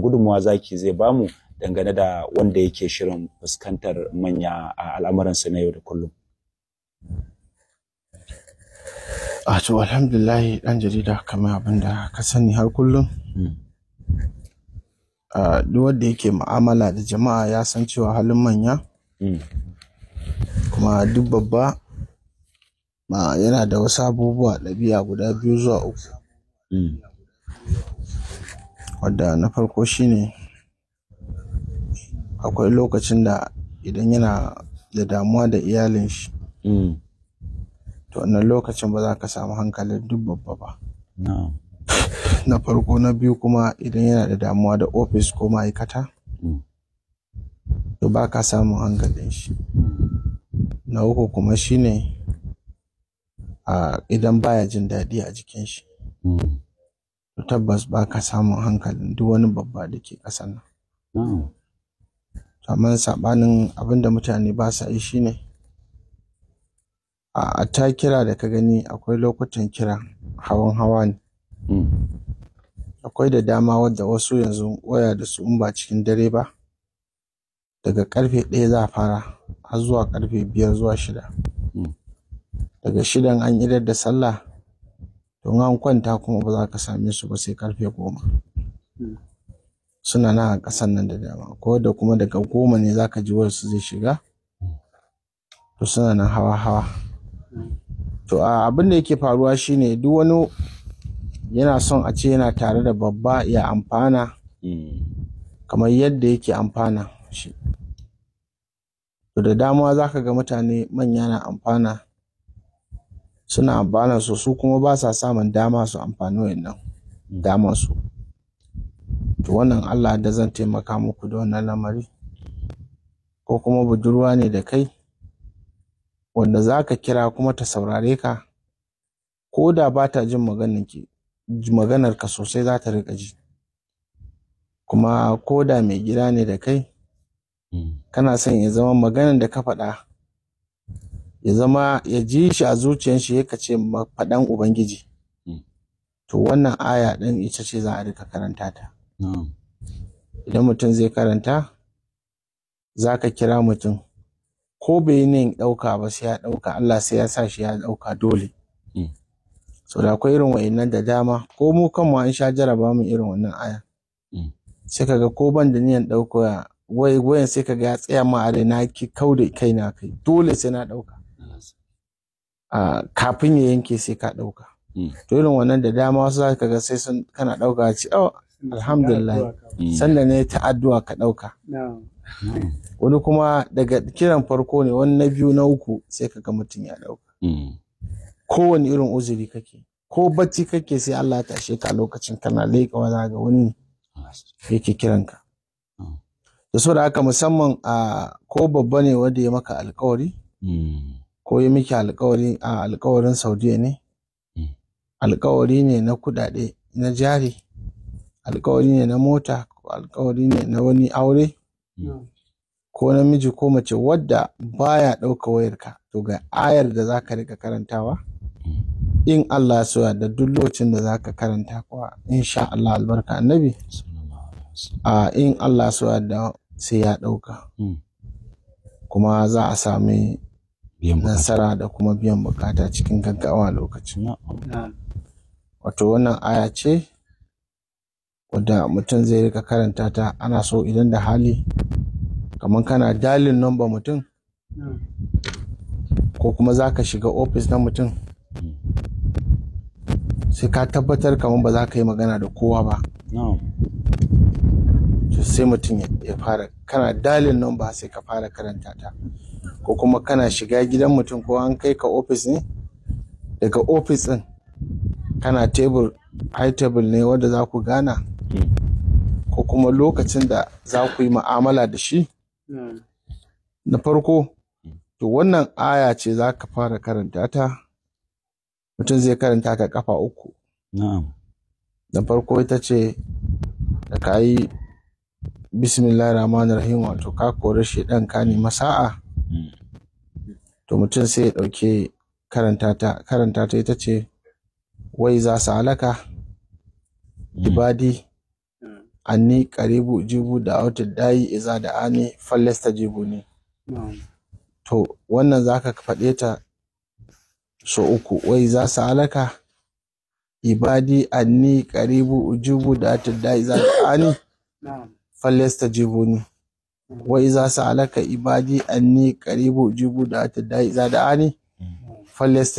gudunmuwa zaki zai bamu dangane da wanda yake shirin fuskantar manya a al'amuransa na yau da kullum. A to alhamdulillah ɗan jarida kamar abin da ka sani har kullum. Hmm. Duk wanda yake ma'amala da jama'a ya san cewa halin manya. Hmm. Kuma duk babba yana da wasu abubuwa ɗabi'a guda biyu zuwa uku. Hmm. wadda na farko shine akwai lokacin da idan yana da damuwa da iyalin shi mm. to wannan lokacin ba za ka samu hankalin duk babba ba na farko na biyu kuma idan yana da damuwa da ofis ko ma'aikata mm. to ba ka samun hankalin shi na uku kuma shine idan baya jin daɗi a jikin shi mm. to tabbas ba ka samun hankalin duk wani babba da ke ƙasar nan hmm. amma saɓanin abinda mutane ba sa yi shine a ta kira da ka gani akwai lokutan kira hawan hawa ne hmm. akwai da dama wadda wasu yanzu waya da su in ba cikin dare ba daga karfe ɗaya za a fara har zuwa karfe biyar zuwa shida hmm. daga shidan an idar da sallah To an kwanta kuma ba za ka same su ba sai karfe goma hmm. suna nan a ƙasan nan da dama ko da kuma daga goma ne za ka ji wasu zai shiga to suna nan hawa-hawa to abin da yake faruwa shine duk wani yana son a ce yana tare da babba ya amfana kamar yadda yake amfana shi to da dama za ka ga mutane manya na amfana suna amfana su su kuma ba sa samun dama su amfani wannan dama su to wannan Allah da zan taimaka muku da wannan lamari ko kuma budurwa ne da kai wanda zaka kira kuma ta saurare ka ko da ba ta jin maganar ka sosai za ta riƙa ji kuma ko da mai gida ne da kai hmm. kana son ya zama maganar da ka faɗa ya zama ya ji shi a zuciyar shi yaka ce faɗan ubangiji hmm. to wannan aya ɗin ita ce za a rika karanta ta idan mutum zai karanta za ka kira mutum ko bai ne ɗauka ba sai ya ɗauka Allah sai ya sa shi ya ɗauka dole hmm. so da akwai irin wa'innan da dama ko mu kanmu an sha jaraba mu irin wannan aya hmm. sai kaga ko ban da niyan ɗauka wai wayan sai kaga ya tsaya ma a na ki kau da kai kai dole sai na ɗauka kafin ya yanke sai ka ɗauka hmm. to irin wannan da dama wasu za ka ga sai sun kana ɗauka ce oh alhamdulillah hmm. sanda ne ta addu'a ka ɗauka wani kuma daga kiran farko ne wani na biyu na uku sai ka ga mutum ya ɗauka hmm. kowane irin uzuri kake ko bacci kake sai Allah ya tashe ka lokacin kana leƙa wani ga wani yake kiranka da so da haka musamman ko babba ne wanda ya maka alkawari ko yi miki alkawari a alkawarin saudiya ne mm. alkawari ne na kudade na jari alkawari ne na mota alkawari ne na wani aure mm. ko namiji ko mace wadda baya ɗauka wayarka to ga ayar da za ka rika karantawa mm. in Allah su da duk lokacin da za ka karanta kuwa insha Allah albarka annabi a in Allah su da sai ya ɗauka kuma za a sami nasara da kuma biyan bukata cikin gaggawa lokacin wato wannan aya ce wadda mutum zai rika karanta ta ana so idan da hali kamar kana dalin nomba mutum ko kuma za ka shiga ofis na mutum sai ka tabbatar kamar ba za ka yi magana da kowa ba sai mutum ya fara kana dalin nomba sai ka fara karanta ta ko kuma kana shiga gidan mutum ko an kai ka ofis ne daga ofis ɗin kana tebur high table ne wanda za ku gana ko kuma lokacin da za ku yi ma'amala da shi na farko to wannan aya ce za ka fara karanta ta mutum zai karanta ka kafa uku na farko ita ce da ka yi bismillah rahman rahim wato ka kori shi ɗan ka nema sa'a to mutum sai ya ɗauke karanta ta karanta ta ita ce wai za su halaka ibadi anni karibu jibu da autul dayi iza da ani fallasta jibu ne to wannan za ka faɗe ta so uku wai za su halaka ibadi anni karibu jibu da autul dayi iza da ani fallasta jibu ne Wai za su alaka ibadi an anni karibu jibu da ta dai za da ani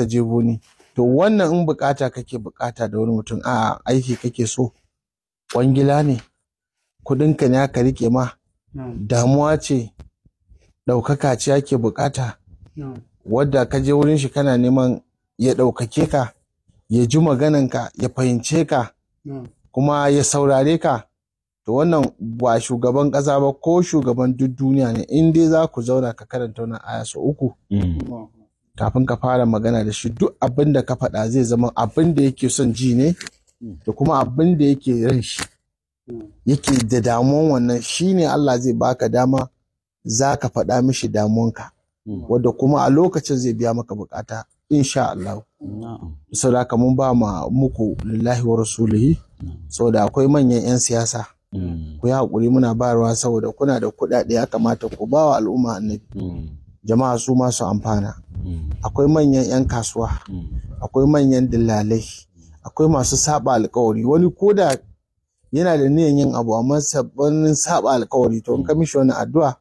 jibu ni to wannan in bukata kake bukata da wani mutum a aiki kake so kwangila ne ka ne ka rike ma damuwa ce Ɗauka ce ake bukata wadda ka je wurin shi kana neman ya ɗaukake ka ya ji maganan ka ya fahimce ka kuma ya saurare ka to wannan ba shugaban ƙasa ba ko shugaban duk duniya ne in dai za ku zauna ka karanta wannan aya sau uku mm. kafin ka fara magana da shi duk abin da ka faɗa zai zama abin da yake son ji ne da kuma abin da yake ran shi yake da damuwan wannan shi ne Allah zai baka dama za ka faɗa mishi damuwanka mm. wadda kuma a lokacin zai biya maka bukata insha Allah saboda haka mun ba ma muku lillahi wa rasulihi saboda akwai manyan 'yan siyasa ku yi haƙuri muna bayarwa saboda kuna da kuɗaɗe ya kamata ku ba wa al'umma annabi mm. jama'a su masu amfana mm. akwai manyan 'yan kasuwa mm. akwai manyan dillalai akwai masu saba alkawari wani koda yana da niyan yin abu amma sabon saba alkawari to in ka mishi wani addu'a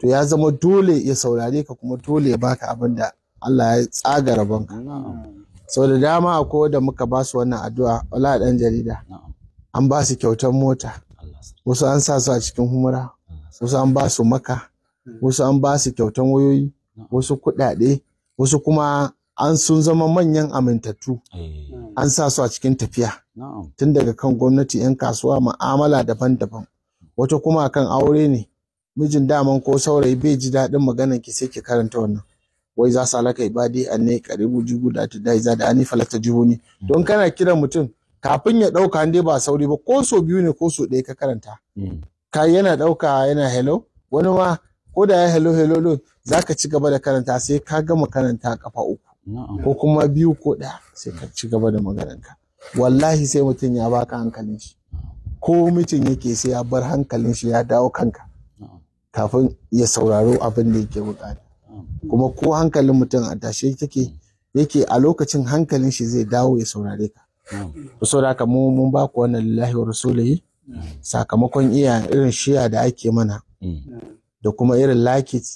to ya zama dole ya saurare ka kuma dole ya baka abin da Allah ya tsaga rabon ka sau da dama akwai da muka ba su wannan addu'a wala dan jarida an ba su kyautar mota wasu an sa su a cikin humura wasu an ba su maka hmm. wasu an ba su kyautan wayoyi wasu kuɗaɗe wasu kuma an sun zama manyan amintattu eh. hmm. an sa su a cikin tafiya tun daga kan gwamnati 'yan kasuwa ma'amala daban-daban wata kuma kan aure ne mijin daman ko saurayi bai ji daɗin maganar ki sai ki karanta wannan wai za su halaka ibadi an ne karibu jugu da ta dai za da ani falata jihuni hmm. don kana kiran mutum kafin ya ɗauka dai ba sauri ba ko so biyu ne ko so ɗaya ka karanta mm. ka yana dauka yana hello wani ma ko da ya hello hello lo za ka ci gaba da karanta sai ka gama karanta kafa uku ko kuma biyu ko ɗaya sai ka ci gaba da maganarka wallahi sai mutum ya baka hankalin shi ko mutum yake sai ya bar hankalin shi ya dawo kanka kafin ya sauraro abin da yake bukata kuma ko hankalin mutum a tashe yake yake a lokacin hankalin shi zai dawo ya saurare ka Mm. so da haka mun ba ku wannan lillahi wa rasulihi sakamakon iya irin shiya da ake mana mm. da kuma irin like it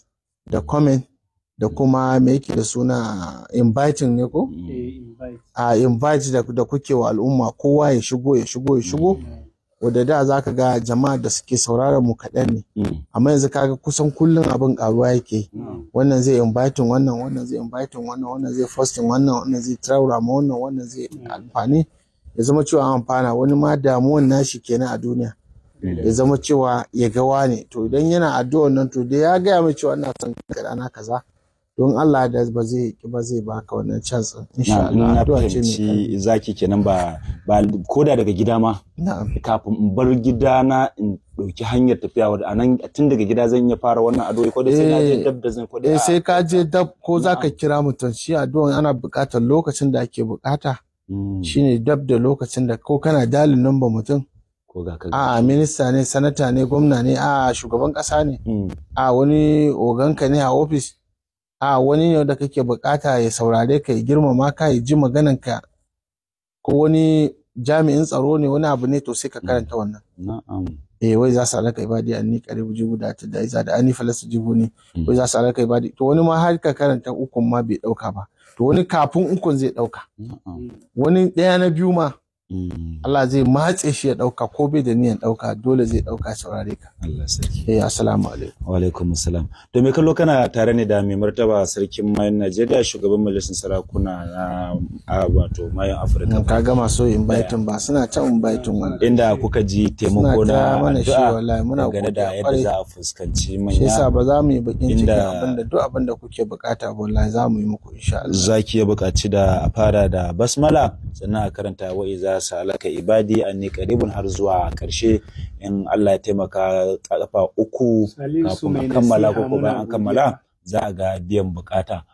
da comment da kuma me yake da suna inviting ne ko eh, a invite da kuke wa al'umma kowa ya shigo ya shigo ya shigo mm. wadda da za ka ga jama'a da suke sauraron mu kaɗan ne hmm. amma yanzu kaga kusan kullum abin karuwa yake hmm. wannan zai invite wannan wannan zai invite wannan wannan zai fasting wannan wannan zai traura ma wannan wannan zai hmm. amfani ya zama cewa an amfana wani ma damuwan nashi kenan a duniya ya zama cewa ya ga wane to idan yana addu'ar nan to dai ya gaya mai cewa ina son ka kaza don Allah da ba zai ki ba zai baka wannan chance insha Allah addu'a ce zaki kenan ba ba koda daga gida ma kafin in bar gida na in dauki hanyar tafiya wa anan tun daga gida zan iya fara wannan addu'a ko dai sai na je eh. dab da zan ko dai eh, sai ka je dab ko zaka kira mutum shi addu'a ana buƙatar lokacin da ake buƙata hmm. shine dab da lokacin da ko kana dalin number mutum ko ga a minista ne sanata ne gwamna ne a shugaban kasa ne hmm. a wani oganka ne a ofis? a wani ne da kake bukata ya saurare ka ya girmama ka ya ji maganan ka ko wani jami'in tsaro ne wani abu ne to sai ka mm. karanta wannan na'am eh wai za su alaka ibadi anni qaribu jibu da ta da iza da ani falasu jibu ne mm. wai za su alaka ibadi to wani ma har ka karanta ukun ma bai dauka ba to wani kafin ukun zai dauka wani daya na biyu ma Mm. Allah zai matse shi ya dauka ko bai da niyan dauka dole zai dauka saurare ka Allah sarki eh assalamu alaikum wa alaikum assalam to me kallo kana tare ne da mai martaba sarkin mayan Najeriya shugaban majalisar sarakuna na wato mayan Afirka ka ga maso invite ba suna ta invite wannan inda kuka ji taimako na addu'a wallahi muna gane da yadda za a fuskanci manya shi yasa ba za mu yi bakin ciki abinda duk abinda kuke bukata wallahi za mu yi muku insha Allah zaki ya bukaci da a fara da basmala sannan a karanta wa'iza salaka ibadi anni karibun har zuwa karshe in Allah ya taimaka kafa uku kafin kammala ko bayan an kammala za a ga biyan bukata